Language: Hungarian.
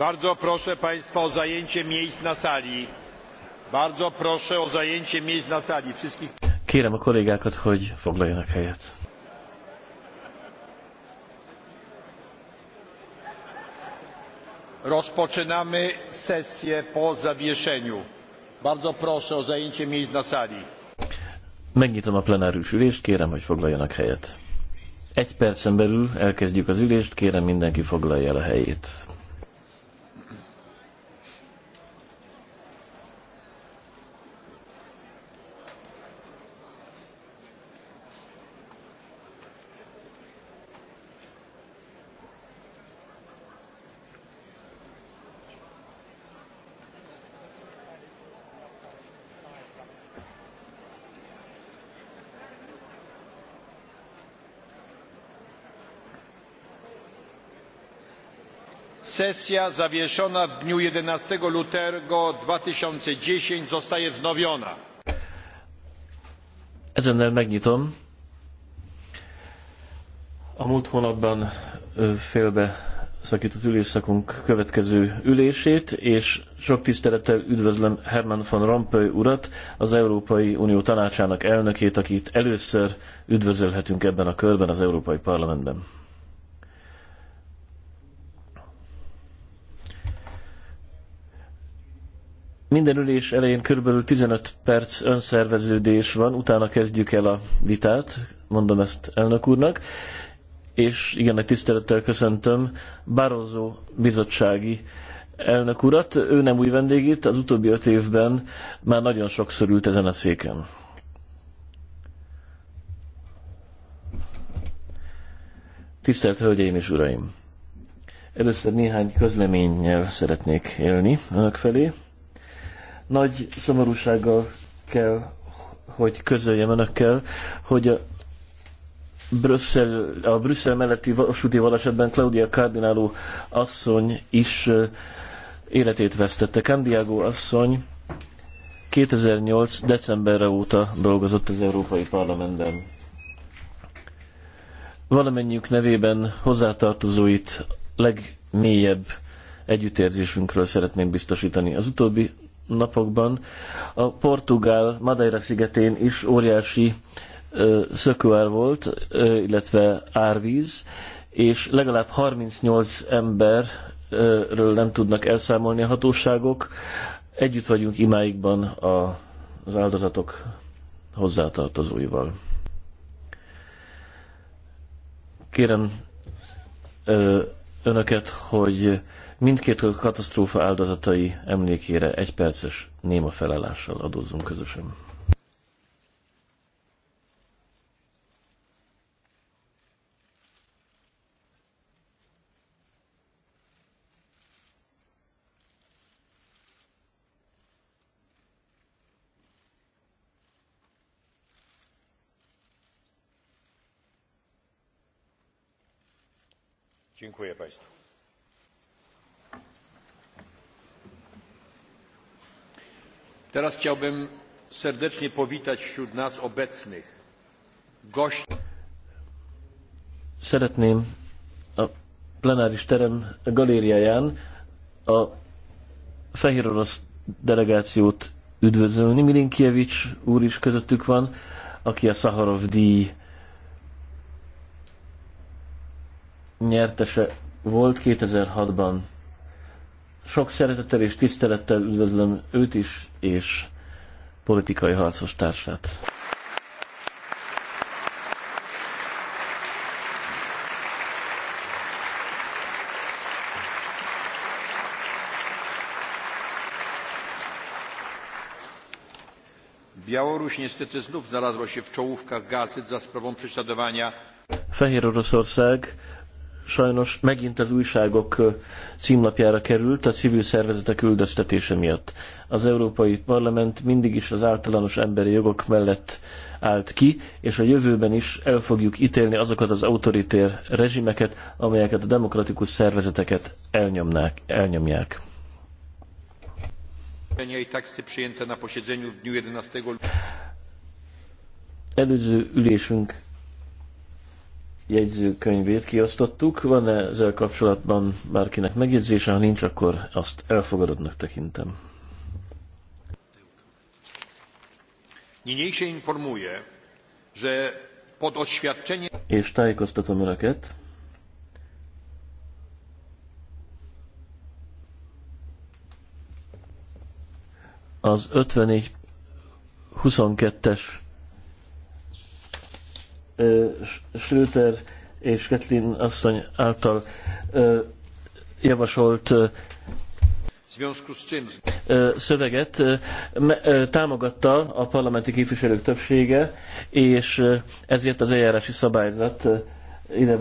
Bardzo proszę Państwa o zajęcie miejsc na sali. Bardzo proszę o zajęcie miejsc na sali. Wszystkich... Kérem a kollégákat, hogy foglaljanak helyet. Rozpoczynamy sesję po zawieszeniu. Bardzo proszę o zajęcie miejsc na sali. Megnyitom a plenáris ülést, kérem, hogy foglaljanak helyet. Egy percen belül elkezdjük az ülést, kérem mindenki foglalja el a helyét. Sesja zawieszona w dniu 11 lutego 2010 zostaje wznowiona. Ezennel megnyitom. A múlt hónapban félbe szakított ülésszakunk következő ülését, és sok tisztelettel üdvözlöm Herman von Rompuy urat, az Európai Unió tanácsának elnökét, akit először üdvözölhetünk ebben a körben az Európai Parlamentben. Minden ülés elején körülbelül 15 perc önszerveződés van, utána kezdjük el a vitát, mondom ezt elnök úrnak, és igen, nagy tisztelettel köszöntöm Barozó bizottsági elnök urat. Ő nem új vendég itt, az utóbbi öt évben már nagyon sokszor ült ezen a széken. Tisztelt Hölgyeim és Uraim! Először néhány közleménnyel szeretnék élni önök felé. Nagy szomorúsággal kell, hogy közöljem önökkel, hogy a Brüsszel, a Brüsszel melletti vasúti balesetben Claudia Cardinálú asszony is életét vesztette. Candiago asszony 2008. decemberre óta dolgozott az Európai Parlamentben. Valamennyiük nevében hozzátartozóit legmélyebb együttérzésünkről szeretnénk biztosítani. Az utóbbi napokban a Portugál Madeira szigetén is óriási szökőár volt, illetve árvíz, és legalább 38 emberről nem tudnak elszámolni a hatóságok. Együtt vagyunk imáikban a, az áldozatok hozzátartozóival. Kérem önöket, hogy Mindkét katasztrófa áldozatai emlékére egy perces néma felállással adózzunk közösen. Dziękuję Państwu. Teraz chciałbym serdecznie powitać wśród nas obecnych gości. Szeretném a plenáris terem galériáján a fehér orosz delegációt üdvözölni. Milinkievics úr is közöttük van, aki a Szaharov díj nyertese volt 2006-ban. Sok szeretettel és tisztelettel üdvözlöm őt is, és politikai harcos társát. Białoruś niestety znów znalazła się w czołówkach gazet za sprawą prześladowania. Fehér Oroszország sajnos megint az újságok címlapjára került a civil szervezetek üldöztetése miatt. Az Európai Parlament mindig is az általános emberi jogok mellett állt ki, és a jövőben is el fogjuk ítélni azokat az autoritér rezsimeket, amelyeket a demokratikus szervezeteket elnyomnák, elnyomják. Előző ülésünk jegyzőkönyvét kiosztottuk. Van -e ezzel kapcsolatban bárkinek megjegyzése? Ha nincs, akkor azt elfogadottnak tekintem. Niniejsze informuje, że pod oświadczenie... És tájékoztatom Önöket, az 54 22-es Schröter és Ketlin asszony által javasolt szöveget támogatta a parlamenti képviselők többsége, és ezért az eljárási szabályzat ide